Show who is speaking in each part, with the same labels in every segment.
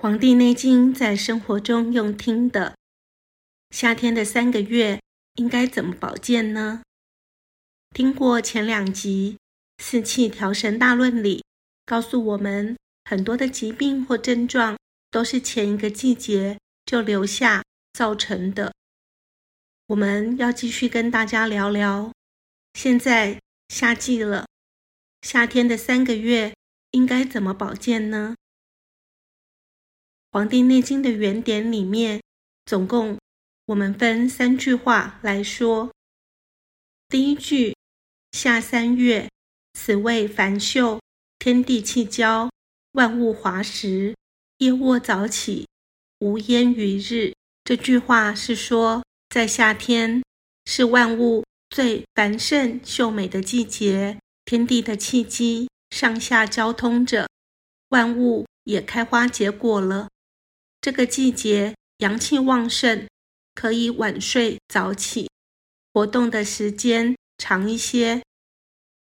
Speaker 1: 《黃帝內經》在生活中用聽的，夏天的三個月應該怎麼保健呢？聽過前兩集《四氣調神大論》裡告訴我們，很多的疾病或症狀都是前一個季節就留下造成的。我們要繼續跟大家聊聊，現在夏季了，夏天的三個月應該怎麼保健呢？《黃帝內經》的原典裡面，總共我們分三句話來說。第一句：夏三月，此謂蕃秀，天地氣交，萬物華實。夜臥早起，無厭於日。這句話是說，在夏天是萬物最繁盛、秀美的季節，天地的氣機上下交通着，萬物也開花結果了。這個季節陽氣旺盛，可以晚睡早起，活動的時間長一些，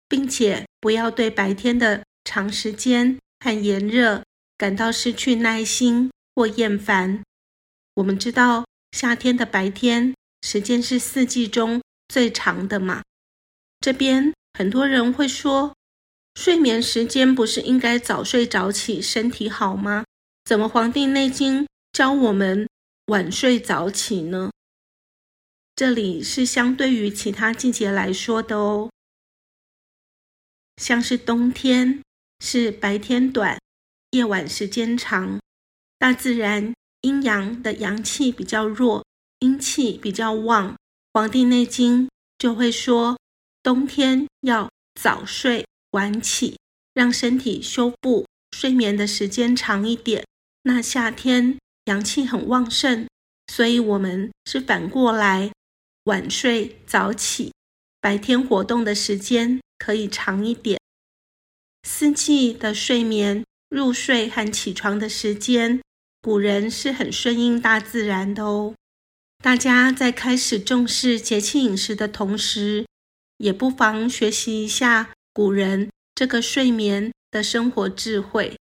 Speaker 1: 並且不要對白天的長時間和炎熱感到失去耐心或厭煩。我們知道夏天的白天時間是四季中最長的嘛。這邊很多人會說，睡眠時間不是應該早睡早起，身體好嗎？怎麼《黃帝內經》教我們晚睡早起呢？這裡是相對於其他季節來說的哦。像是冬天是白天短，夜晚時間長，大自然陰陽的陽氣比較弱，陰氣比較旺，《黃帝內經》就會說冬天要早睡晚起，讓身體修復，睡眠的時間長一點。那夏天陽氣很旺盛，所以我們是反過來晚睡早起，白天活動的時間可以長一點。四季的睡眠、入睡和起床的時間，古人是很順應大自然的哦。大家在開始重視節氣飲食的同時，也不妨學習一下古人這個睡眠的生活智慧。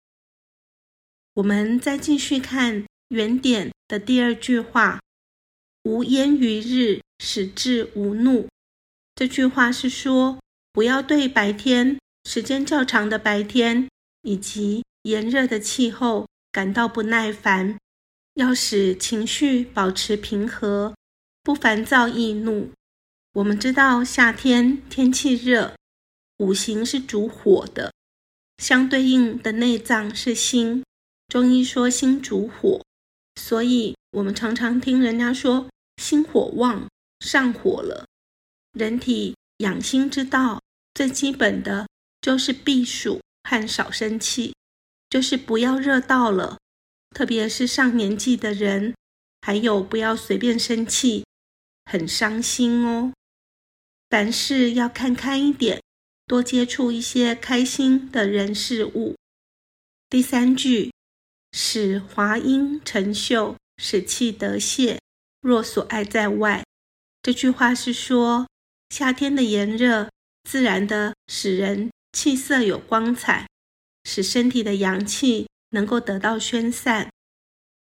Speaker 1: 我們再繼續看原典的第二句話：“無厭於日，使志無怒。”這句話是說，不要對白天時間較長的白天以及炎熱的氣候感到不耐煩，要使情緒保持平和，不煩躁易怒。我們知道夏天天氣熱，五行是主火的，相對應的內臟是心。中醫說心主火，所以我們常常聽人家說心火旺、上火了。人體養心之道最基本的就是避暑和少生氣，就是不要熱到了，特別是上年紀的人，還有不要隨便生氣，很傷心哦。凡事要看開一點，多接觸一些開心的人事物。第三句。使華英成秀，使氣得泄。若所愛在外。這句話是說，夏天的炎熱自然的使人氣色有光彩，使身體的陽氣能夠得到宣散，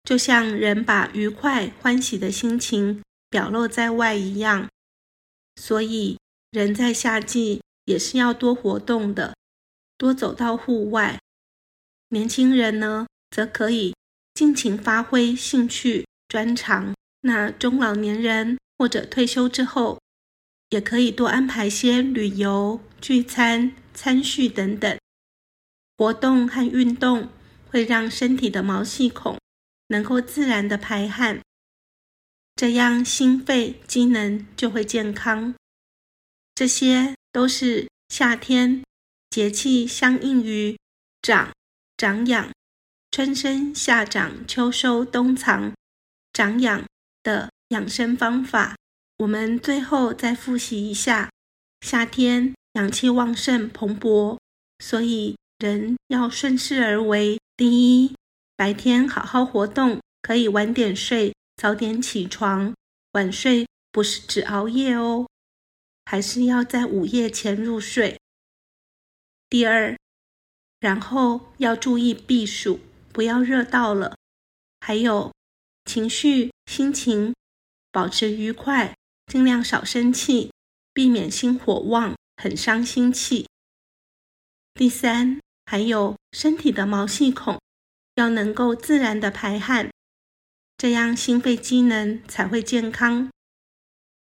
Speaker 1: 就像人把愉快歡喜的心情表露在外一樣。所以，人在夏季也是要多活動的，多走到戶外。年輕人呢？則可以盡情發揮興趣專長。那中老年人或者退休之後，也可以多安排些旅遊、聚餐、餐敘等等。活動和運動，會讓身體的毛細孔能夠自然的排汗，這樣心肺機能就會健康。這些都是夏天節氣相應於長長養。春生夏長秋收冬藏，長養的養生方法，我們最後再複習一下。夏天陽氣旺盛蓬勃，所以人要順勢而為。第一，白天好好活動，可以晚點睡，早點起床。晚睡不是指熬夜哦，還是要在午夜前入睡。第二，然後要注意避暑。不要熱到了，還有情緒、心情保持愉快，盡量少生氣，避免心火旺，很傷心氣。第三，還有身體的毛細孔要能夠自然的排汗，這樣心肺機能才會健康。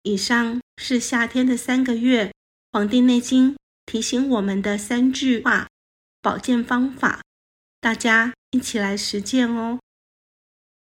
Speaker 1: 以上是夏天的三個月，《黃帝內經》提醒我們的三句話保健方法，大家。一起來實踐哦！